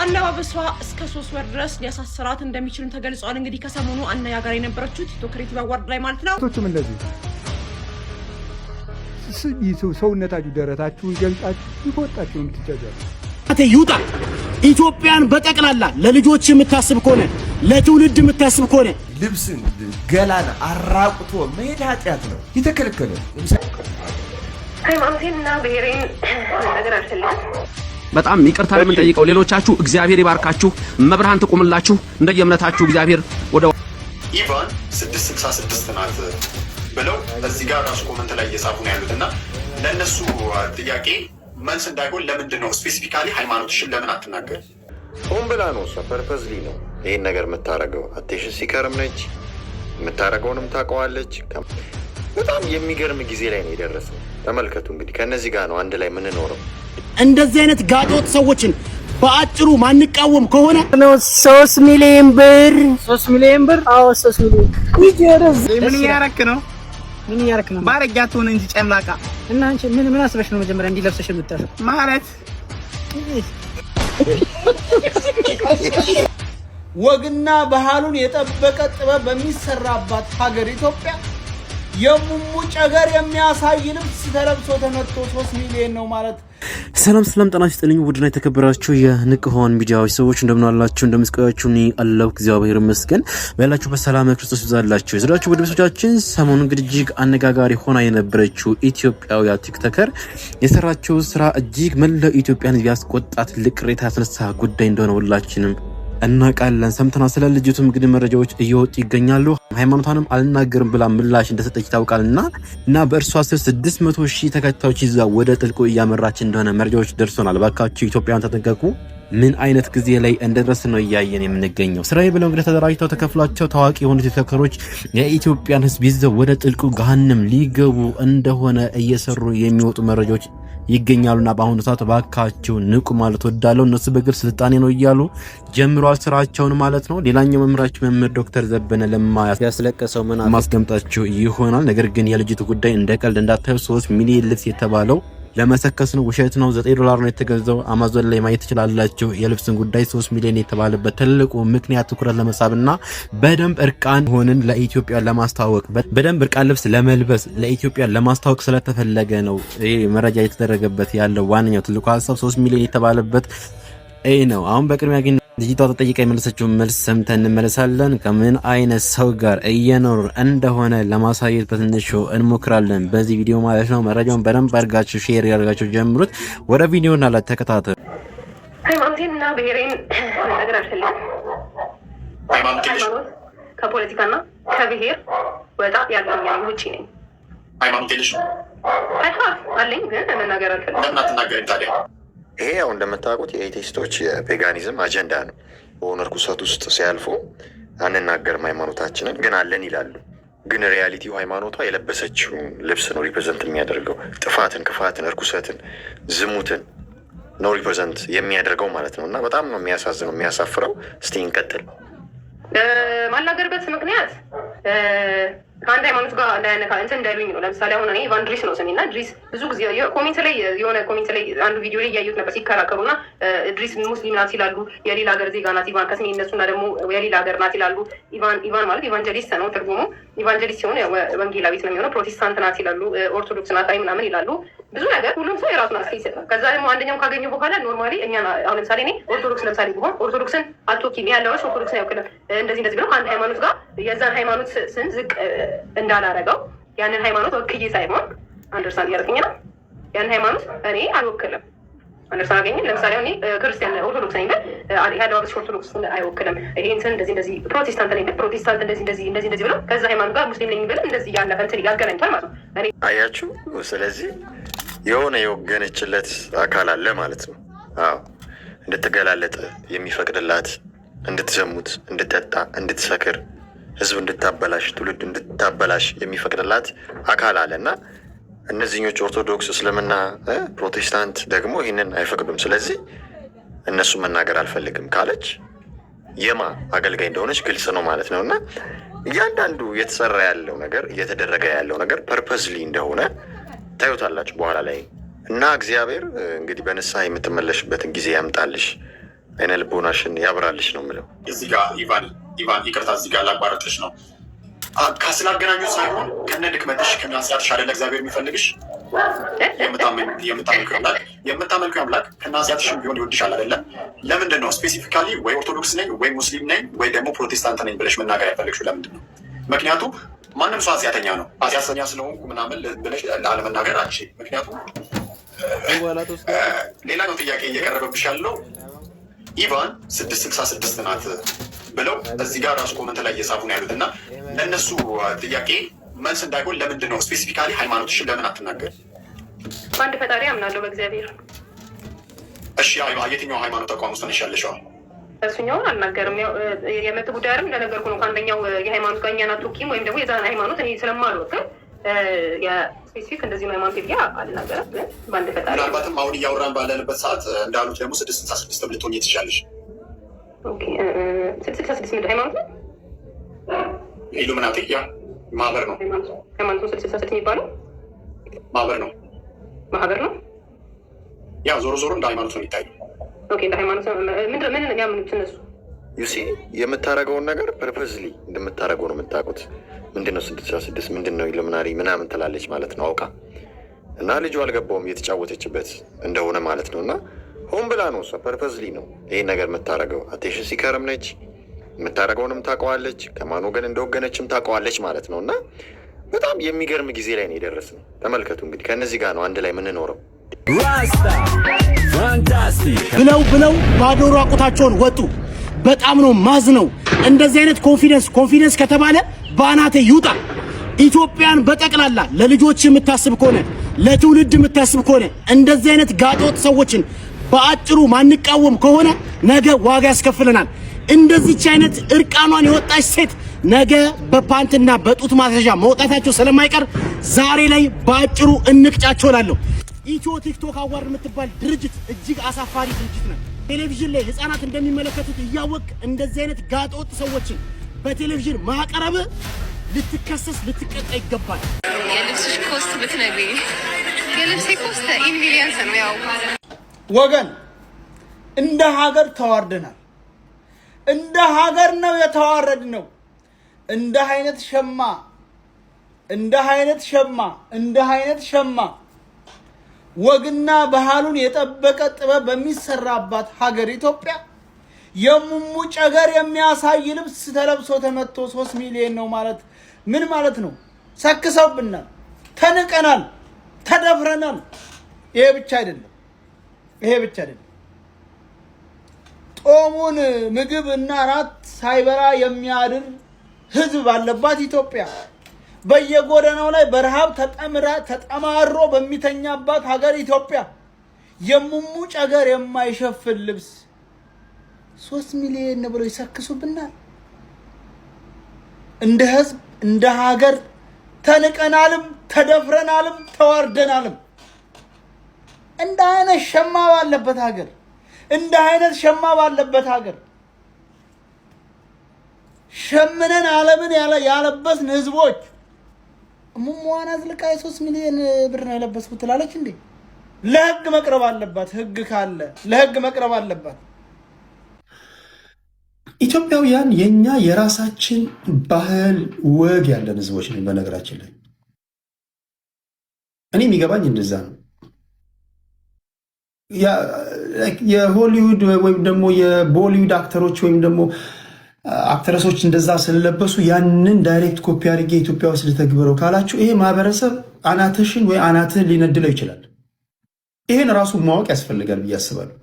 አለባበሷ እስከ ሶስት ወር ድረስ ሊያሳስራት እንደሚችልም ተገልጿል። እንግዲህ ከሰሞኑ አነጋጋሪ የነበረችው ቲቶ ክሬቲቭ አዋርድ ላይ ማለት ነው። ቶቹም እንደዚህ ሰውነታችሁ ደረታችሁ ይገልጣችሁ ይቆጣችሁ የምትጃጃሉ ይውጣ። ኢትዮጵያን በጠቅላላ ለልጆች የምታስብ ከሆነ ለትውልድ የምታስብ ከሆነ ልብስን ገላን አራቁቶ መሄድ ኃጢአት ነው፣ የተከለከለ ሃይማኖቴንና ብሔሬን ነገር አልፈልግም። በጣም ይቅርታ ነው የምንጠይቀው ሌሎቻችሁ እግዚአብሔር ይባርካችሁ፣ መብርሃን ትቁምላችሁ፣ እንደየእምነታችሁ እግዚአብሔር ወደ ኢቫን 666 ናት ብለው እዚህ ጋር ራሱ ኮመንት ላይ እየጻፉ ነው ያሉት እና ለእነሱ ጥያቄ መልስ እንዳይሆን ለምንድን ነው ስፔሲፊካሊ ሃይማኖትሽን ለምን አትናገር? ሆን ብላ ነው እሷ ፐርፐዝሊ ነው ይህን ነገር የምታረገው። አቴንሽን ሲከርም ነች የምታረገውንም ታውቀዋለች። በጣም የሚገርም ጊዜ ላይ ነው የደረሰው። ተመልከቱ እንግዲህ ከነዚህ ጋር ነው አንድ ላይ የምንኖረው። እንደዚህ አይነት ጋጠወጥ ሰዎችን በአጭሩ ማንቃወም ከሆነ ነው ሶስት ሚሊዮን ብር ሶስት ሚሊዮን ብር አዎ፣ ሶስት ሚሊዮን ምን እያረክ ነው? ምን እያረክ ነው? ባረጊያ ሆነ እንጂ ጨምላቃ። እና አንቺ ምን ምን አስበሽ ነው መጀመሪያ እንዲለብሰሽ የምታሰብ ማለት ወግና ባህሉን የጠበቀ ጥበብ በሚሰራባት ሀገር ኢትዮጵያ የሙሙ ጨገር የሚያሳይ ልብስ ተለብሶ ተመቶ ሶስት ሚሊዮን ነው ማለት። ሰላም ሰላም፣ ጤና ይስጥልኝ ውድና የተከበራችሁ የንቅሆን ሚዲያዎች ሰዎች እንደምን አላችሁ? እንደምስቀያችሁ እኔ አለሁ እግዚአብሔር ይመስገን። በያላችሁ በሰላም ክርስቶስ ይብዛላችሁ። የዘዳችሁ ውድ ቤቶቻችን፣ ሰሞኑን እንግዲህ እጅግ አነጋጋሪ ሆና የነበረችው ኢትዮጵያዊ ቲክቶከር የሰራችው ስራ እጅግ መላው ኢትዮጵያን ቢያስቆጣ ትልቅ ቅሬታ ያስነሳ ጉዳይ እንደሆነ ሁላችንም እናውቃለን ሰምተና ስለ ልጅቱም ግን መረጃዎች እየወጡ ይገኛሉ። ሃይማኖቷንም አልናገርም ብላ ምላሽ እንደሰጠች ይታወቃል። እና በእርሷ ስር 600 ሺህ ተከታዮች ይዛ ወደ ጥልቁ እያመራች እንደሆነ መረጃዎች ደርሶናል። ባካችሁ ኢትዮጵያን ተጠንቀቁ። ምን አይነት ጊዜ ላይ እንደደረስ ነው እያየን የምንገኘው። ስራዬ ብለው እንግዲህ ተደራጅተው ተከፍሏቸው ታዋቂ የሆኑ ቲክቶከሮች የኢትዮጵያን ሕዝብ ይዘው ወደ ጥልቁ ገሃነም ሊገቡ እንደሆነ እየሰሩ የሚወጡ መረጃዎች ይገኛሉና በአሁኑ ሰዓት ባካችሁ ንቁ ማለት ወዳለው እነሱ በግል ስልጣኔ ነው እያሉ ጀምሯል ስራቸውን ማለት ነው። ሌላኛው መምህራችን መምህር ዶክተር ዘበነ ለማ ያስለቀሰው ምን ይሆናል። ነገር ግን የልጅቱ ጉዳይ እንደ ቀልድ እንዳታዩ ሶስት ሚሊዮን ልብስ የተባለው ለመሰከስ ነው፣ ውሸት ነው። 9 ዶላር ነው የተገዛው። አማዞን ላይ ማየት ትችላላችሁ። የልብስን ጉዳይ 3 ሚሊዮን የተባለበት ትልቁ ምክንያት ትኩረት ለመሳብና በደንብ እርቃን ሆንን ለኢትዮጵያ ለማስተዋወቅ በደንብ እርቃን ልብስ ለመልበስ ለኢትዮጵያ ለማስተዋወቅ ስለተፈለገ ነው ይሄ መረጃ የተደረገበት ያለው ዋነኛው ትልቁ ሀሳብ 3 ሚሊዮን የተባለበት ኤ ነው። አሁን በቅድሚያ ግን ልጅቷ ተጠይቃ የመለሰችው መልስ ሰምተን እንመለሳለን። ከምን አይነት ሰው ጋር እየኖር እንደሆነ ለማሳየት በትንሹ እንሞክራለን በዚህ ቪዲዮ ማለት ነው። መረጃውን በደንብ አድርጋችሁ ሼር ያደርጋችሁ ጀምሩት። ወደ ቪዲዮ እና ተከታተል። ሃይማኖቴንና ብሔሬን ነገር አልፈልግም። ከፖለቲካና ከብሔር ወጣ ያልኛል ውጭ ነኝ። ሃይማኖት ሃይማኖት አለኝ ግን መናገር አልፈልግም። ለምን አትናገሪም ታዲያ? ይሄ ያው እንደምታውቁት የኤቴስቶች የፔጋኒዝም አጀንዳ ነው። በሆነ እርኩሰት ውስጥ ሲያልፉ አንናገርም ሃይማኖታችንን ግን አለን ይላሉ። ግን ሪያሊቲው ሃይማኖቷ የለበሰችው ልብስ ነው ሪፕሬዘንት የሚያደርገው ጥፋትን፣ ክፋትን፣ እርኩሰትን፣ ዝሙትን ነው ሪፕሬዘንት የሚያደርገው ማለት ነው። እና በጣም ነው የሚያሳዝነው የሚያሳፍረው። እስቲ እንቀጥል። ማናገርበት ምክንያት ከአንድ ሃይማኖት ጋር እንዳያነካ እንትን እንዳይሉኝ ነው። ለምሳሌ አሁን እኔ ኢቫን ድሪስ ነው ስሜ እና ድሪስ ብዙ ጊዜ ኮሜንት ላይ የሆነ ኮሜንት ላይ አንዱ ቪዲዮ ላይ እያየሁት ነበር ሲከራከሩ እና ድሪስ ሙስሊም ናት ይላሉ፣ የሌላ ሀገር ዜጋ ናት ኢቫን ከስሜ እነሱ እነሱና ደግሞ የሌላ ሀገር ናት ይላሉ። ኢቫን ማለት ኢቫንጀሊስት ነው ትርጉሙ። ኢቫንጀሊስት ሲሆን ወንጌላዊት ነው የሚሆነው። ፕሮቴስታንት ናት ይላሉ፣ ኦርቶዶክስ ናት አይ ምናምን ይላሉ። ብዙ ነገር ሁሉም ሰው የራሱን አስ ይሰጣል። ከዛ ደግሞ አንደኛው ካገኘ በኋላ ኖርማሊ እኛ አሁን ለምሳሌ እኔ ኦርቶዶክስ ለምሳሌ ቢሆን ኦርቶዶክስን አቶኪ ያለዎች ኦርቶዶክስ ያውክለ እንደዚህ እንደዚህ ብለው ከአንድ ሃይማኖት ጋር የዛን ሃይማኖት ስን ዝቅ እንዳላረገው ያንን ሃይማኖት ወክዬ ሳይሆን አንደርሳን እያደረገኝ ነው። ያንን ሃይማኖት እኔ አልወክልም። አንደርስታንድ አገኘን። ለምሳሌ እኔ ክርስቲያን ኦርቶዶክስ ነኝ ብል የአለባበስሽ ኦርቶዶክስ አይወክልም። ይህንትን እንደዚህ እንደዚህ ፕሮቴስታንት ነኝ ብል ፕሮቴስታንት እንደዚህ እንደዚህ እንደዚህ እንደዚህ ብለው ከዛ ሃይማኖት ጋር ሙስሊም ነኝ ብል እንደዚህ ያለ እንትን ያገናኝቷል ማለት ነው። እኔ አያችሁ፣ ስለዚህ የሆነ የወገነችለት አካል አለ ማለት ነው። አዎ እንድትገላለጥ የሚፈቅድላት እንድትዘሙት፣ እንድትጠጣ፣ እንድትሰክር ህዝብ እንድታበላሽ ትውልድ እንድታበላሽ የሚፈቅድላት አካል አለ እና እነዚህኞች ኦርቶዶክስ፣ እስልምና፣ ፕሮቴስታንት ደግሞ ይህንን አይፈቅዱም። ስለዚህ እነሱ መናገር አልፈልግም ካለች የማ አገልጋይ እንደሆነች ግልጽ ነው ማለት ነው እና እያንዳንዱ እየተሰራ ያለው ነገር እየተደረገ ያለው ነገር ፐርፐዝሊ እንደሆነ ታዩታላችሁ በኋላ ላይ እና እግዚአብሔር እንግዲህ በንስሐ የምትመለሽበትን ጊዜ ያምጣልሽ። አይነ ልቦናሽን ያብራልሽ ነው የምለው። እዚህ ጋር ኢቫን ኢቫን ይቅርታ፣ እዚህ ጋር ላቋረጥሽ ነው ከስላገናኙ ሳይሆን ከነ ድክመትሽ ከነ ኃጢአትሽ አይደለ እግዚአብሔር የሚፈልግሽ። የምታመልኩ አምላክ ከነ ኃጢአትሽም ቢሆን ይወድሻል አይደለ? ለምንድን ነው ስፔሲፊካሊ ወይ ኦርቶዶክስ ነኝ ወይ ሙስሊም ነኝ ወይ ደግሞ ፕሮቴስታንት ነኝ ብለሽ መናገር ያልፈለግሽው ለምንድን ነው? ምክንያቱም ማንም ሰው ኃጢአተኛ ነው። ኃጢአተኛ ስለሆንኩ ምናምን ብለሽ ለአለመናገር አንቺ ምክንያቱም ሌላ ነው ጥያቄ እየቀረበብሽ ያለው ኢቫን ስድስት ናት ብለው እዚህ ጋር ራሱ ኮመንት ላይ እየጻፉ ነው ያሉት እና ለእነሱ ጥያቄ መልስ እንዳይሆን ለምንድን ነው ስፔሲፊካሊ ሃይማኖትሽን ለምን አትናገር? በአንድ ፈጣሪ አምናለሁ በእግዚአብሔር። እሺ የትኛው ሃይማኖት ተቋም ውስጥ ነሽ ያለሽው? እሱኛውን አልናገርም። የመብት ጉዳይም እንደነገርኩ ነው። ከአንደኛው የሃይማኖት ጋኛ ቱኪም ወይም ደግሞ የዛን ሃይማኖት እኔ ስፔሲፊክ እንደዚህ ነው ሃይማኖት ብዬ አልናገርም። ግን በአንድ ፈጣሪ ምናልባትም አሁን እያወራን ባለንበት ሰዓት እንዳሉት ደግሞ ስድስት ስልሳ ስድስት ልትሆኝ ትችላለሽ። ስልሳ ስድስት ምንድን ሃይማኖት ነው? ኢሉምናቲ ያ ማህበር ነው። ሃይማኖት ነው ስልሳ ስድስት የሚባለው ማህበር ነው። ማህበር ነው። ያ ዞሮ ዞሮ እንደ ሃይማኖት ነው የሚታይ እንደ ሃይማኖት ምንድን ነው የሚያምኑት እነሱ ዩሲ የምታደርገውን ነገር ፐርፐዝሊ እንደምታደርገው ነው የምታውቁት። ምንድነው ነው ስድስት ስድስት ኢሉሚናሪ ምናምን ትላለች ማለት ነው አውቃ እና ልጁ አልገባውም የተጫወተችበት እንደሆነ ማለት ነው። እና ሆን ብላ ነው እሷ ፐርፐዝሊ ነው ይህን ነገር የምታደርገው። አቴንሽን ሲከርም ነች የምታደርገውንም ታውቀዋለች፣ ከማን ወገን እንደወገነችም ታውቀዋለች ማለት ነው። እና በጣም የሚገርም ጊዜ ላይ ነው የደረስነው። ተመልከቱ እንግዲህ ከእነዚህ ጋር ነው አንድ ላይ የምንኖረው። ራስታ ብለው ብለው ባዶ ራቁታቸውን ወጡ። በጣም ነው ማዝ ነው። እንደዚህ አይነት ኮንፊደንስ ኮንፊደንስ ከተባለ በአናተ ይውጣ። ኢትዮጵያን በጠቅላላ ለልጆች የምታስብ ከሆነ ለትውልድ የምታስብ ከሆነ እንደዚህ አይነት ጋጠወጥ ሰዎችን በአጭሩ ማንቃወም ከሆነ ነገ ዋጋ ያስከፍለናል። እንደዚች አይነት እርቃኗን የወጣች ሴት ነገ በፓንትና በጡት ማስያዣ መውጣታቸው ስለማይቀር ዛሬ ላይ በአጭሩ እንቅጫቸው እላለሁ። ኢትዮ ቲክቶክ አዋርድ የምትባል ድርጅት እጅግ አሳፋሪ ድርጅት ነው። ቴሌቪዥን ላይ ህፃናት እንደሚመለከቱት እያወቅ እንደዚህ አይነት ጋጠወጥ ሰዎችን በቴሌቪዥን ማቅረብ ልትከሰስ ልትቀጣ ይገባል። የልብስሽ ኮስት ብትነግሪኝ። የልብሴ ኮስት ነው። ያው ወገን እንደ ሀገር ተዋርደናል። እንደ ሀገር ነው የተዋረድ ነው። እንደ አይነት ሸማ እንደ አይነት ሸማ እንደ አይነት ሸማ ወግና ባህሉን የጠበቀ ጥበብ በሚሰራባት ሀገር ኢትዮጵያ የሙሙ ጨገር የሚያሳይ ልብስ ተለብሶ ተመቶ ሶስት ሚሊዮን ነው ማለት ምን ማለት ነው? ሰክሰውብናል፣ ተንቀናል፣ ተደፍረናል። ይሄ ብቻ አይደለም፣ ይሄ ብቻ አይደለም። ጦሙን ምግብ እና እራት ሳይበላ የሚያድር ህዝብ ባለባት ኢትዮጵያ በየጎዳናው ላይ በረሃብ ተጠምራ ተጠማሮ በሚተኛባት ሀገር ኢትዮጵያ የሙሙጭ ሀገር የማይሸፍን ልብስ ሶስት ሚሊዮን ብሎ ይሰክሱብናል። እንደ ህዝብ እንደ ሀገር ተንቀናልም ተደፍረናልም ተዋርደናልም። እንደ አይነት ሸማ ባለበት ሀገር እንደ አይነት ሸማ ባለበት ሀገር ሸምነን ዓለምን ያለበስን ህዝቦች ሙሟዋን አዝልቃ የሶስት ሚሊዮን ብር ነው የለበስኩት ትላለች እንዴ? ለህግ መቅረብ አለባት። ህግ ካለ ለህግ መቅረብ አለባት። ኢትዮጵያውያን የእኛ የራሳችን ባህል ወግ ያለን ህዝቦች ነን። በነገራችን ላይ እኔ የሚገባኝ እንደዛ ነው። የሆሊውድ ወይም ደግሞ የቦሊውድ አክተሮች ወይም ደግሞ አክተረሶች እንደዛ ስለለበሱ ያንን ዳይሬክት ኮፒ አድርጌ ኢትዮጵያ ውስጥ ልተግብረው ካላችሁ ይሄ ማህበረሰብ አናትሽን ወይ አናትህን ሊነድለው ይችላል። ይህን ራሱ ማወቅ ያስፈልጋል ብዬ አስባለሁ።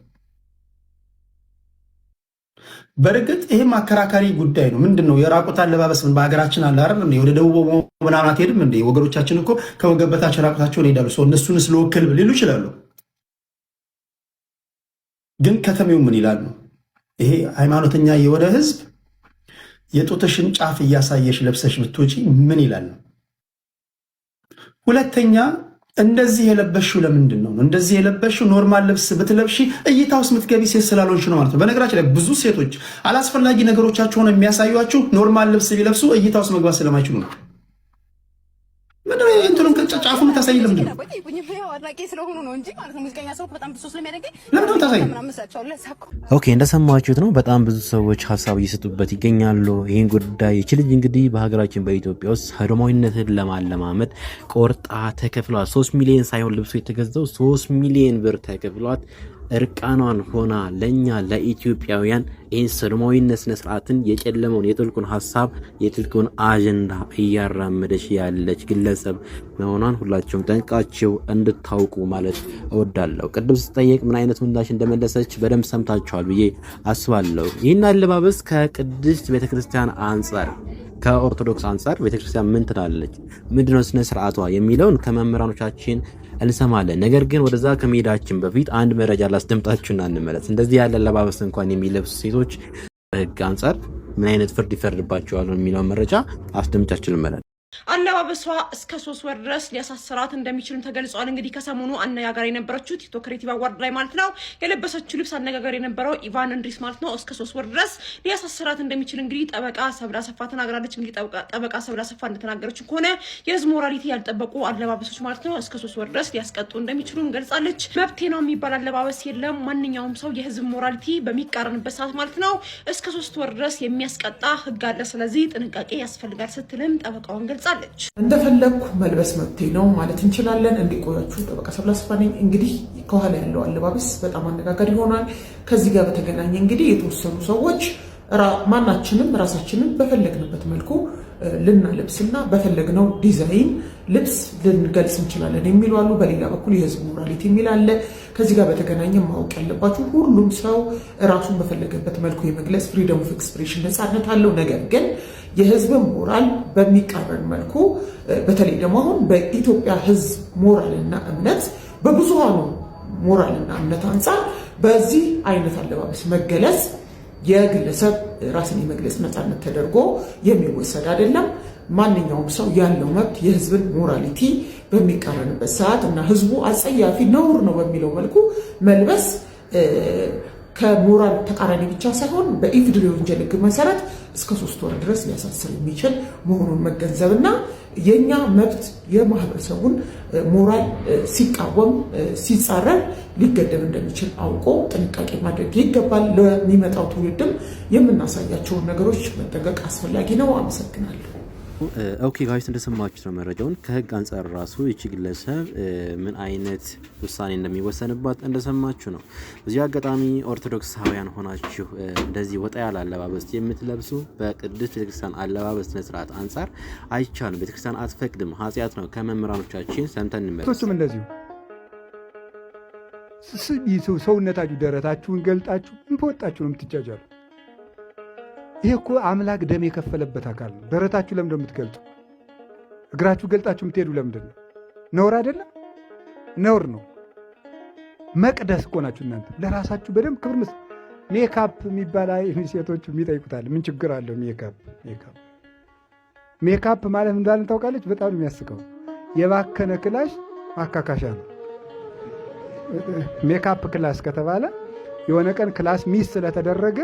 በእርግጥ ይህም አከራካሪ ጉዳይ ነው። ምንድን ነው የራቁት አለባበስ በሀገራችን አለ አይደል? ወደ ደቡብ ምናምን አትሄድም እንዴ? ወገኖቻችን እኮ ከወገበታቸው ራቁታቸውን ይሄዳሉ። ሰው እነሱን ስለወክል ሊሉ ይችላሉ። ግን ከተሜው ምን ይላል ነው ይሄ ሃይማኖተኛ የሆነ ህዝብ የጡትሽን ጫፍ እያሳየሽ ለብሰሽ ብትወጪ ምን ይላል ነው። ሁለተኛ እንደዚህ የለበሽው ለምንድን ነው? እንደዚህ የለበሽው ኖርማል ልብስ ብትለብሺ እይታ ውስጥ ምትገቢ ሴት ስላልሆንሽ ነው ማለት ነው። በነገራችን ላይ ብዙ ሴቶች አላስፈላጊ ነገሮቻቸውን የሚያሳዩችሁ ኖርማል ልብስ ቢለብሱ እይታ ውስጥ መግባት ስለማይችሉ ነው። ጫፉን የምታሳይ ለምንድን ነው? ኦኬ እንደሰማችሁት ነው። በጣም ብዙ ሰዎች ሀሳብ እየሰጡበት ይገኛሉ። ይህን ጉዳይ ይች ልጅ እንግዲህ በሀገራችን በኢትዮጵያ ውስጥ ሰዶማዊነትን ለማለማመድ ቆርጣ ተከፍሏል። ሶስት ሚሊዮን ሳይሆን ልብሶ የተገዛው ሶስት ሚሊዮን ብር ተከፍሏት እርቃኗን ሆና ለእኛ ለኢትዮጵያውያን ይህን ሰዶማዊነት ስነ ስርዓትን የጨለመውን የጥልቁን ሀሳብ የጥልቁን አጀንዳ እያራመደች ያለች ግለሰብ መሆኗን ሁላችሁም ጠንቅቃችሁ እንድታውቁ ማለት እወዳለሁ። ቅድም ስጠየቅ ምን አይነት ምላሽ እንደመለሰች በደንብ ሰምታችኋል ብዬ አስባለሁ። ይህን አለባበስ ከቅድስት ቤተክርስቲያን አንጻር ከኦርቶዶክስ አንጻር ቤተክርስቲያን ምን ትላለች? ምንድነው ስነ ስርዓቷ የሚለውን ከመምህራኖቻችን እንሰማለን። ነገር ግን ወደዛ ከመሄዳችን በፊት አንድ መረጃ ላስደምጣችሁና እንመለስ። እንደዚህ ያለ አለባበስ እንኳን የሚለብሱ ሴቶች በህግ አንጻር ምን አይነት ፍርድ ይፈርድባቸዋል የሚለውን መረጃ አስደምጫችሁ እንመለስ። አለባበሷ እስከ ሶስት ወር ድረስ ሊያሳስራት እንደሚችልም ተገልጿል። እንግዲህ ከሰሞኑ አነጋገር የነበረችው ቲክቶክ ክሬቲቭ አዋርድ ላይ ማለት ነው የለበሰችው ልብስ አነጋገር የነበረው ኢቫን እንድሪስ ማለት ነው እስከ ሶስት ወር ድረስ ሊያሳስራት እንደሚችል እንግዲህ ጠበቃ ሰብለ አሰፋ ተናግራለች። እንግዲህ ጠበቃ ሰብለ አሰፋ እንደተናገረችው ከሆነ የህዝብ ሞራሊቲ ያልጠበቁ አለባበሶች ማለት ነው እስከ ሶስት ወር ድረስ ሊያስቀጡ እንደሚችሉም ገልጻለች። መብቴ ነው የሚባል አለባበስ የለም። ማንኛውም ሰው የህዝብ ሞራሊቲ በሚቃረንበት ሰዓት ማለት ነው እስከ ሶስት ወር ድረስ የሚያስቀጣ ህግ አለ። ስለዚህ ጥንቃቄ ያስፈልጋል ስትልም ጠበቃውን ገልጻል። ትላለች። እንደፈለግኩ መልበስ መብቴ ነው ማለት እንችላለን። እንዲቆያችሁ ጠበቃ ሰብላስፋ ነኝ። እንግዲህ ከኋላ ያለው አለባበስ በጣም አነጋጋሪ ይሆናል። ከዚህ ጋር በተገናኘ እንግዲህ የተወሰኑ ሰዎች ማናችንም ራሳችንን በፈለግንበት መልኩ ልናለብስና በፈለግነው ዲዛይን ልብስ ልንገልጽ እንችላለን የሚሉ አሉ። በሌላ በኩል የህዝብ ሞራሊቲ የሚል አለ። ከዚህ ጋር በተገናኘ ማወቅ ያለባችሁ ሁሉም ሰው ራሱን በፈለገበት መልኩ የመግለጽ ፍሪደም ኦፍ ኤክስፕሬሽን ነፃነት አለው። ነገር ግን የህዝብን ሞራል በሚቃረን መልኩ በተለይ ደግሞ አሁን በኢትዮጵያ ህዝብ ሞራልና እምነት በብዙሃኑ ሞራልና እምነት አንጻር በዚህ አይነት አለባበስ መገለጽ የግለሰብ ራስን የመግለጽ ነፃነት ተደርጎ የሚወሰድ አይደለም። ማንኛውም ሰው ያለው መብት የህዝብን ሞራሊቲ በሚቃረንበት ሰዓት እና ህዝቡ አጸያፊ ነውር ነው በሚለው መልኩ መልበስ ከሞራል ተቃራኒ ብቻ ሳይሆን በኢፍድሪ ወንጀል ህግ መሰረት እስከ ሶስት ወር ድረስ ሊያሳስር የሚችል መሆኑን መገንዘብና የእኛ መብት የማህበረሰቡን ሞራል ሲቃወም ሲጻረር ሊገደብ እንደሚችል አውቆ ጥንቃቄ ማድረግ ይገባል። ለሚመጣው ትውልድም የምናሳያቸውን ነገሮች መጠንቀቅ አስፈላጊ ነው። አመሰግናለሁ። ኦኬ ጋይስ እንደሰማችሁ ነው መረጃውን። ከህግ አንጻር ራሱ ይቺ ግለሰብ ምን አይነት ውሳኔ እንደሚወሰንባት እንደሰማችሁ ነው። በዚህ አጋጣሚ ኦርቶዶክሳውያን ሆናችሁ እንደዚህ ወጣ ያለ አለባበስ የምትለብሱ በቅድስት ቤተክርስቲያን አለባበስ ስነስርዓት አንጻር አይቻልም። ቤተክርስቲያን አትፈቅድም፣ ኃጢአት ነው። ከመምህራኖቻችን ሰምተን እንመለስም። እንደዚሁ ሰውነታችሁ ደረታችሁን ገልጣችሁ እንበወጣችሁ ነው የምትጃጃሉ ይህ እኮ አምላክ ደም የከፈለበት አካል ነው። ደረታችሁ ለምን ነው የምትገልጡ? እግራችሁ ገልጣችሁ የምትሄዱ ለምንድን ነው? ነውር አይደለም? ነውር ነው። መቅደስ እኮ ናችሁ እናንተ። ለራሳችሁ በደንብ ክብር ምስ ሜካፕ የሚባል ሴቶች የሚጠይቁታል። ምን ችግር አለው ሜካፕ? ሜካፕ ሜካፕ ማለት እንዳለ ታውቃለች። በጣም የሚያስቀው የባከነ ክላሽ ማካካሻ ነው። ሜካፕ ክላስ ከተባለ የሆነ ቀን ክላስ ሚስ ስለተደረገ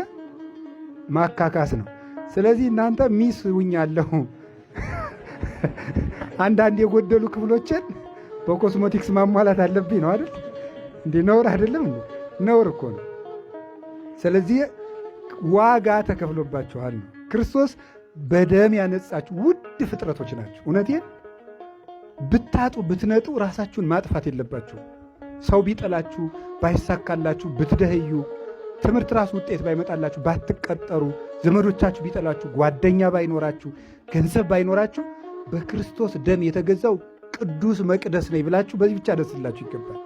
ማካካስ ነው። ስለዚህ እናንተ ሚስ ውኛለሁ። አንዳንድ የጎደሉ ክፍሎችን በኮስሞቲክስ ማሟላት አለብኝ ነው አይደል? እንዲህ ነውር አይደለም? ነውር እኮ ነው። ስለዚህ ዋጋ ተከፍሎባችኋል ነው። ክርስቶስ በደም ያነጻችሁ ውድ ፍጥረቶች ናቸው። እውነቴን ብታጡ ብትነጡ ራሳችሁን ማጥፋት የለባችሁ። ሰው ቢጠላችሁ፣ ባይሳካላችሁ፣ ብትደህዩ ትምህርት ራሱ ውጤት ባይመጣላችሁ፣ ባትቀጠሩ፣ ዘመዶቻችሁ ቢጠላችሁ፣ ጓደኛ ባይኖራችሁ፣ ገንዘብ ባይኖራችሁ በክርስቶስ ደም የተገዛው ቅዱስ መቅደስ ነኝ ብላችሁ በዚህ ብቻ ደስላችሁ ይገባል።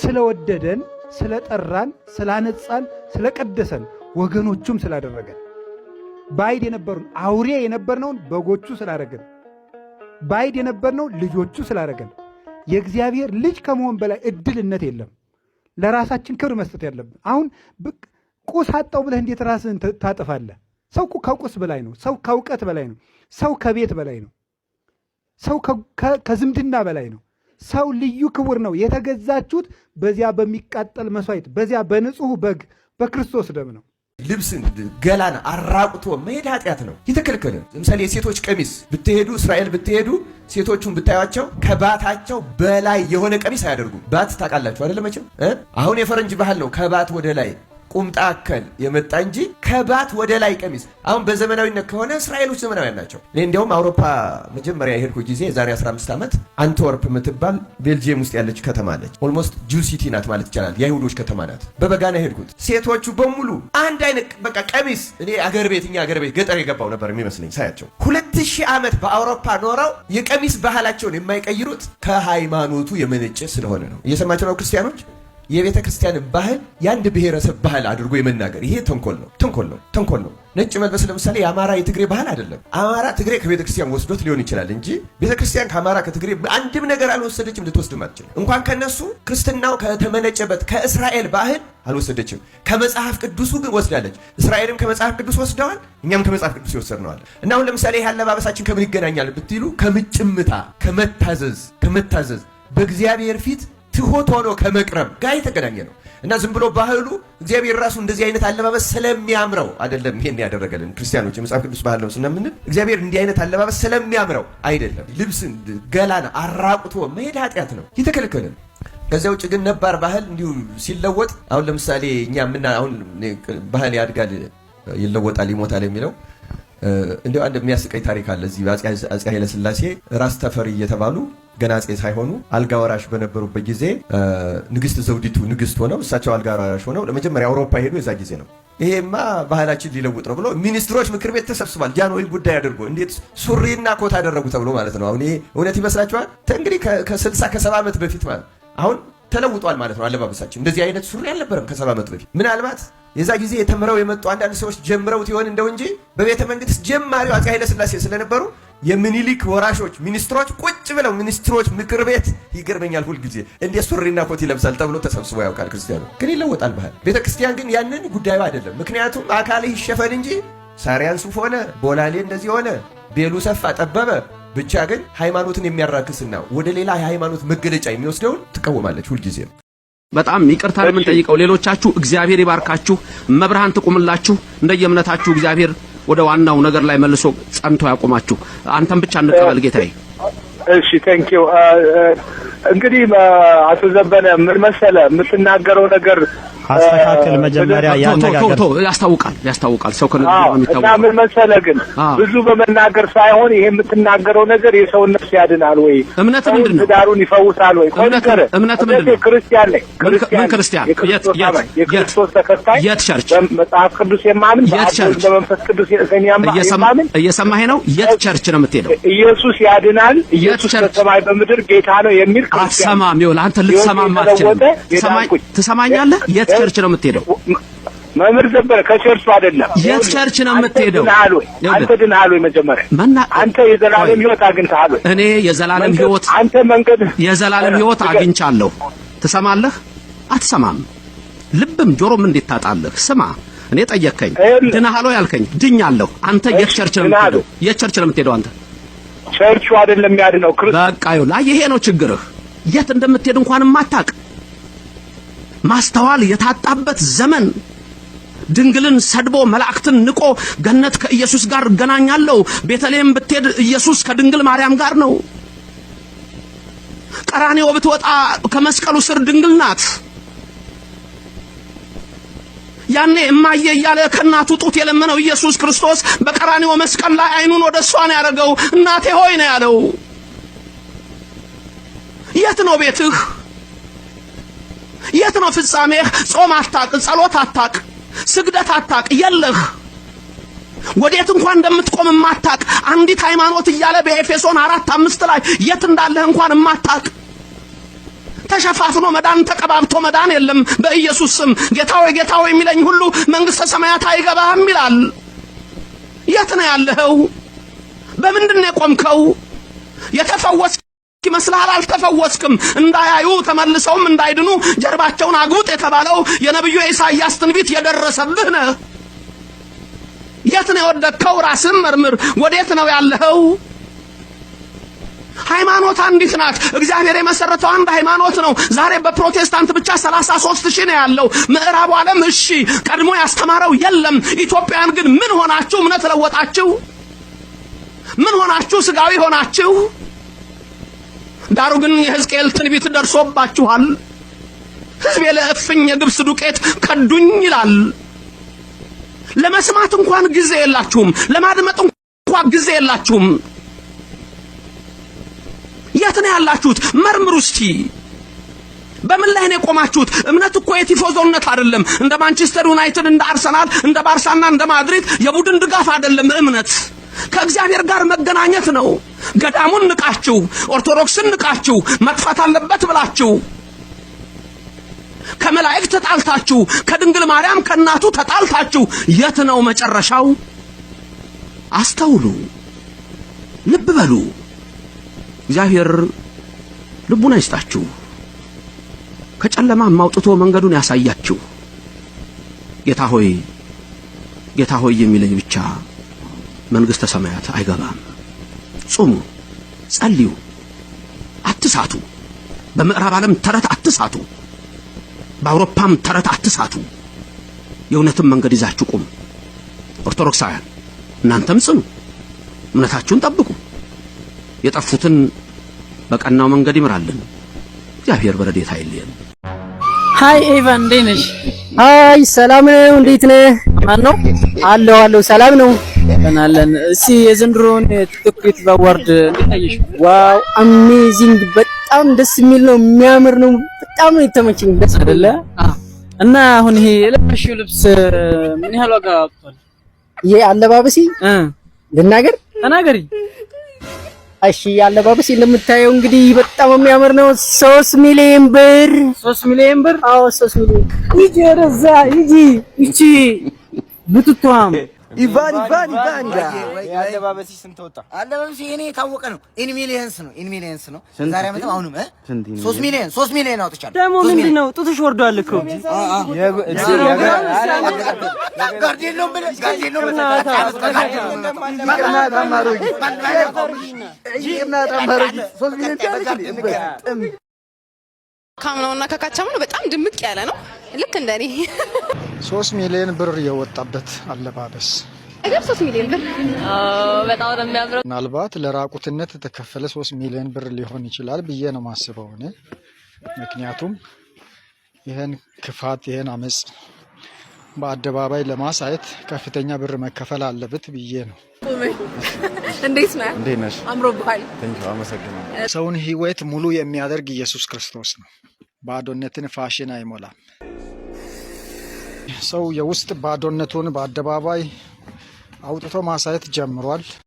ስለወደደን፣ ስለጠራን፣ ስላነጻን፣ ስለቀደሰን ወገኖቹም ስላደረገን ባይድ የነበሩን አውሬ የነበርነውን በጎቹ ስላደረገን ባይድ የነበርነው ልጆቹ ስላደረገን የእግዚአብሔር ልጅ ከመሆን በላይ እድልነት የለም። ለራሳችን ክብር መስጠት ያለብን። አሁን ቁስ አጣው ብለህ እንዴት ራስህን ታጠፋለህ? ሰው ከቁስ በላይ ነው። ሰው ከእውቀት በላይ ነው። ሰው ከቤት በላይ ነው። ሰው ከዝምድና በላይ ነው። ሰው ልዩ ክቡር ነው። የተገዛችሁት በዚያ በሚቃጠል መስዋዕት፣ በዚያ በንጹሕ በግ በክርስቶስ ደም ነው። ልብስን ገላን አራቁቶ መሄድ ኃጢአት ነው፣ የተከለከለ። ለምሳሌ የሴቶች ቀሚስ ብትሄዱ እስራኤል ብትሄዱ ሴቶቹን ብታያቸው ከባታቸው በላይ የሆነ ቀሚስ አያደርጉም። ባት ታውቃላችሁ አይደለ? መቼም አሁን የፈረንጅ ባህል ነው፣ ከባት ወደ ላይ ቁምጣ አከል የመጣ እንጂ ከባት ወደ ላይ ቀሚስ። አሁን በዘመናዊነት ከሆነ እስራኤሎች ዘመናዊ ናቸው። እኔ እንዲያውም አውሮፓ መጀመሪያ የሄድኩ ጊዜ የዛሬ 15 ዓመት አንትወርፕ የምትባል ቤልጅየም ውስጥ ያለች ከተማ ነች። ኦልሞስት ጁ ሲቲ ናት ማለት ይቻላል። የአይሁዶች ከተማ ናት። በበጋና ሄድኩት። ሴቶቹ በሙሉ አንድ አይነት በቃ ቀሚስ። እኔ አገር ቤት እኛ አገር ቤት ገጠር የገባው ነበር የሚመስለኝ ሳያቸው። ሁለት ሺህ ዓመት በአውሮፓ ኖረው የቀሚስ ባህላቸውን የማይቀይሩት ከሃይማኖቱ የመነጨ ስለሆነ ነው። እየሰማቸው ነው ክርስቲያኖች የቤተ ክርስቲያን ባህል የአንድ ብሔረሰብ ባህል አድርጎ የመናገር ይሄ ተንኮል ነው፣ ተንኮል ነው፣ ተንኮል ነው። ነጭ መልበስ ለምሳሌ የአማራ የትግሬ ባህል አይደለም። አማራ ትግሬ ከቤተ ክርስቲያን ወስዶት ሊሆን ይችላል እንጂ ቤተ ክርስቲያን ከአማራ ከትግሬ አንድም ነገር አልወሰደችም፣ ልትወስድም አትችልም። እንኳን ከነሱ ክርስትናው ከተመነጨበት ከእስራኤል ባህል አልወሰደችም። ከመጽሐፍ ቅዱሱ ግን ወስዳለች። እስራኤልም ከመጽሐፍ ቅዱስ ወስደዋል፣ እኛም ከመጽሐፍ ቅዱስ ይወሰድነዋል። እና አሁን ለምሳሌ ይህ አለባበሳችን ከምን ይገናኛል ብትሉ ከምጭምታ ከመታዘዝ ከመታዘዝ በእግዚአብሔር ፊት ትሆት ሆኖ ከመቅረብ ጋር የተገናኘ ነው እና ዝም ብሎ ባህሉ እግዚአብሔር ራሱ እንደዚህ አይነት አለባበስ ስለሚያምረው አይደለም። ይሄን ያደረገልን ክርስቲያኖች የመጽሐፍ ቅዱስ ባህል ነው ስለምንል እግዚአብሔር እንዲህ አይነት አለባበስ ስለሚያምረው አይደለም። ልብስን ገላን አራቁቶ መሄድ ኃጢአት ነው የተከለከለን ከዚያ ውጭ ግን ነባር ባህል እንዲሁ ሲለወጥ አሁን ለምሳሌ እኛ ምና አሁን ባህል ያድጋል ይለወጣል ይሞታል የሚለው እንዲሁ አንድ የሚያስቀኝ ታሪክ አለ። እዚህ አፄ ኃይለስላሴ ራስ ተፈሪ እየተባሉ ገና አፄ ሳይሆኑ አልጋ ወራሽ በነበሩበት ጊዜ ንግስት ዘውዲቱ ንግስት ሆነው እሳቸው አልጋ ወራሽ ሆነው ለመጀመሪያ አውሮፓ ሄዱ። የዛ ጊዜ ነው። ይሄማ ባህላችን ሊለውጥ ነው ብሎ ሚኒስትሮች ምክር ቤት ተሰብስቧል። ጃንሆይ ጉዳይ አድርጎ እንዴት ሱሪና ኮት አደረጉ ተብሎ ማለት ነው። አሁን ይሄ እውነት ይመስላችኋል? እንግዲህ ከስልሳ ከሰባ ዓመት በፊት ማለት አሁን ተለውጧል ማለት ነው። አለባበሳችን እንደዚህ አይነት ሱሪ አልነበረም ከሰባ ዓመት በፊት ምናልባት የዛ ጊዜ የተምረው የመጡ አንዳንድ ሰዎች ጀምረውት ይሆን እንደው እንጂ በቤተ መንግስት ጀማሪው አፄ ኃይለ ስለነበሩ የምኒልክ ወራሾች ሚኒስትሮች ቁጭ ብለው ሚኒስትሮች ምክር ቤት ይገርመኛል። ሁልጊዜ እንዴት ሱሪና ኮት ይለብሳል ተብሎ ተሰብስቦ ያውቃል። ክርስቲያኑ ግን ይለወጣል ባህል። ቤተ ክርስቲያን ግን ያንን ጉዳዩ አይደለም። ምክንያቱም አካል ይሸፈን እንጂ ሳሪያን ሱፍ ሆነ ቦላሌ እንደዚህ ሆነ ቤሉ ሰፋ ጠበበ ብቻ ግን ሃይማኖትን የሚያራክስና ወደ ሌላ የሃይማኖት መገለጫ የሚወስደውን ትቃወማለች ሁልጊዜ። በጣም ይቅርታ የምንጠይቀው ሌሎቻችሁ እግዚአብሔር ይባርካችሁ፣ መብርሃን ትቁምላችሁ፣ እንደየእምነታችሁ እግዚአብሔር ወደ ዋናው ነገር ላይ መልሶ ጸንቶ ያቆማችሁ። አንተም ብቻ እንቀበል ጌታዬ። እሺ፣ ዩ እንግዲህ አቶ ዘበነ ምን መሰለ የምትናገረው ነገር አስተካከል መጀመሪያ ያነጋገር ያስታውቃል ያስታውቃል ሰው ከነ የሚታወቅ እና ምን መሰለ ግን ብዙ በመናገር ሳይሆን ይሄ የምትናገረው ነገር የሰውን ነፍስ ያድናል ወይ እምነት ምንድን ነው ዳሩን ይፈውሳል ወይ እምነት እምነት ምንድን ነው ክርስቲያን ላይ ምን ክርስቲያን የት የት የክርስቶስ ተከታይ የት ቸርች መጽሐፍ ቅዱስ የማምን የት ቸርች በመንፈስ ቅዱስ የማምን እየሰማህ ነው የት ቸርች ነው የምትሄደው ኢየሱስ ያድናል ኢየሱስ በሰማይ በምድር ጌታ ነው የሚል አትሰማም። ይኸውልህ አንተ ልትሰማም አትችልም። ትሰማኛለህ? የት ቸርች ነው የምትሄደው? መምህር ዘበረ ከቸርቹ አይደለም። የት ቸርች ነው የምትሄደው? አንተ ድነሃል ወይ? መጀመሪያ አንተ የዘላለም ህይወት አግኝተሃል ወይ? እኔ የዘላለም ህይወት አንተ መንገድ የዘላለም ህይወት አግኝቻለሁ። ትሰማለህ? አትሰማም። ልብም ጆሮም እንዴት ታጣለህ? ስማ እኔ ጠየቅከኝ። ድነሃል ያልከኝ አልከኝ። ድኛለሁ። አንተ የት ቸርች ነው የምትሄደው? የት ቸርች ነው የምትሄደው? አንተ ቸርቹ አይደለም ያድነው ክርስቶስ። በቃ ይኸውልህ፣ ይሄ ነው ችግርህ። የት እንደምትሄድ እንኳን ማታቅ ማስተዋል የታጣበት ዘመን ድንግልን ሰድቦ መላእክትን ንቆ ገነት ከኢየሱስ ጋር እገናኛለሁ፣ ቤተልሔም ብትሄድ ኢየሱስ ከድንግል ማርያም ጋር ነው፣ ቀራኔው ብትወጣ ከመስቀሉ ስር ድንግል ናት። ያኔ እማዬ እያለ ከእናቱ ጡት የለመነው ኢየሱስ ክርስቶስ በቀራኔው መስቀል ላይ አይኑን ወደ እሷ ነው ያደረገው። እናቴ ሆይ ነው ያለው። የት ነው ቤትህ? የት ነው ፍጻሜህ? ጾም አታቅ፣ ጸሎት አታቅ፣ ስግደት አታቅ፣ የለህ ወዴት እንኳን እንደምትቆም የማታቅ አንዲት ሃይማኖት እያለ በኤፌሶን አራት አምስት ላይ የት እንዳለህ እንኳን የማታቅ ተሸፋፍኖ መዳን ተቀባብቶ መዳን የለም። በኢየሱስ ስም ጌታ ሆይ ጌታ ሆይ የሚለኝ ሁሉ መንግሥተ ሰማያት አይገባህም ይላል። የት ነው ያለኸው? በምንድን ነው የቆምከው? የተፈወስ ይመስልሃል? አልተፈወስክም። እንዳያዩ ተመልሰውም እንዳይድኑ ጀርባቸውን አጉጥ የተባለው የነቢዩ ኢሳይያስ ትንቢት የደረሰብህ ነህ። የት ነው የወደቅከው? ራስን መርምር። ወዴት ነው ያለኸው? ሃይማኖት አንዲት ናት። እግዚአብሔር የመሰረተው አንድ ሃይማኖት ነው። ዛሬ በፕሮቴስታንት ብቻ 33 ሺህ ነው ያለው። ምዕራቡ ዓለም እሺ ቀድሞ ያስተማረው የለም። ኢትዮጵያን ግን ምን ሆናችሁ? እምነት ለወጣችሁ? ምን ሆናችሁ? ስጋዊ ሆናችሁ? ዳሩ ግን የሕዝቅኤል ትንቢት ደርሶባችኋል። ሕዝቤ ለእፍኝ የግብስ ዱቄት ከዱኝ ይላል። ለመስማት እንኳን ጊዜ የላችሁም፣ ለማድመጥ እንኳን ጊዜ የላችሁም። የት ነው ያላችሁት? መርምሩ እስቲ። በምን ላይ ነው የቆማችሁት? እምነት እኮ የቲፎዞነት አይደለም። እንደ ማንቸስተር ዩናይትድ፣ እንደ አርሰናል፣ እንደ ባርሳና እንደ ማድሪድ የቡድን ድጋፍ አይደለም እምነት ከእግዚአብሔር ጋር መገናኘት ነው። ገዳሙን ንቃችሁ፣ ኦርቶዶክስን ንቃችሁ፣ መጥፋት አለበት ብላችሁ ከመላእክት ተጣልታችሁ፣ ከድንግል ማርያም ከእናቱ ተጣልታችሁ የት ነው መጨረሻው? አስተውሉ፣ ልብ በሉ። እግዚአብሔር ልቡን አይስጣችሁ፣ ከጨለማም አውጥቶ መንገዱን ያሳያችሁ። ጌታ ሆይ ጌታ ሆይ የሚለኝ ብቻ መንግሥተ ሰማያት አይገባም። ጾሙ ጸልዩ፣ አትሳቱ። በምዕራብ ዓለም ተረት አትሳቱ። በአውሮፓም ተረት አትሳቱ። የእውነትም መንገድ ይዛችሁ ቁሙ። ኦርቶዶክሳውያን እናንተም ጽኑ፣ እምነታችሁን ጠብቁ። የጠፉትን በቀናው መንገድ ይምራልን። እግዚአብሔር በረዴት አይልየን። ሀይ ኤቫን፣ እንዴት ነሽ? ሀይ ሰላም ነው። እንዴት ነህ? ማን ነው? አለሁ አለሁ፣ ሰላም ነው። እናለን እሺ የዘንድሮን ትኩሪት አዋርድ ዋው አሜዚንግ! በጣም ደስ የሚል ነው፣ የሚያምር ነው። በጣም የተመቸኝ። ደስ አይደለ? እና አሁን ይሄ የለበሽው ልብስ ምን ያህል ዋጋ አውጥቷል? ይሄ አለባበሴ ልናገር ተናገሪ። እሺ አለባበሴ እንደምታየው እንግዲህ በጣም የሚያምር ነው። 3 ሚሊዮን ብር 3 ሚሊዮን ብር አዎ 3 ሚሊዮን ይጂ ረዛ ይጂ ይጂ ብትቷም ኢቫን ኢቫን ኢቫን ጋር ስንት ወጣ? አለባበሲ እኔ የታወቀ ነው። ኢን ሚሊየንስ ነው። ኢን ሚሊየንስ ነው። ዛሬ አመትም አሁንም 3 ሚሊየን 3 ሚሊየን አውጥቻለሁ። ደግሞ ምንድን ነው ጡትሽ ወርዷል እኮ ካምናውና ከካቻሙ ነው። በጣም ድምቅ ያለ ነው። ልክ እንደኔ ሶስት ሚሊዮን ብር የወጣበት አለባበስ ምናልባት ለራቁትነት የተከፈለ ሶስት ሚሊዮን ብር ሊሆን ይችላል ብዬ ነው ማስበው እኔ። ምክንያቱም ይህን ክፋት ይህን አመፅ በአደባባይ ለማሳየት ከፍተኛ ብር መከፈል አለበት ብዬ ነው። እንዴት ነሽ? አምሮብሃል። አመሰግናለሁ። ሰውን ሕይወት ሙሉ የሚያደርግ ኢየሱስ ክርስቶስ ነው። ባዶነትን ፋሽን አይሞላም። ሰው የውስጥ ባዶነቱን በአደባባይ አውጥቶ ማሳየት ጀምሯል።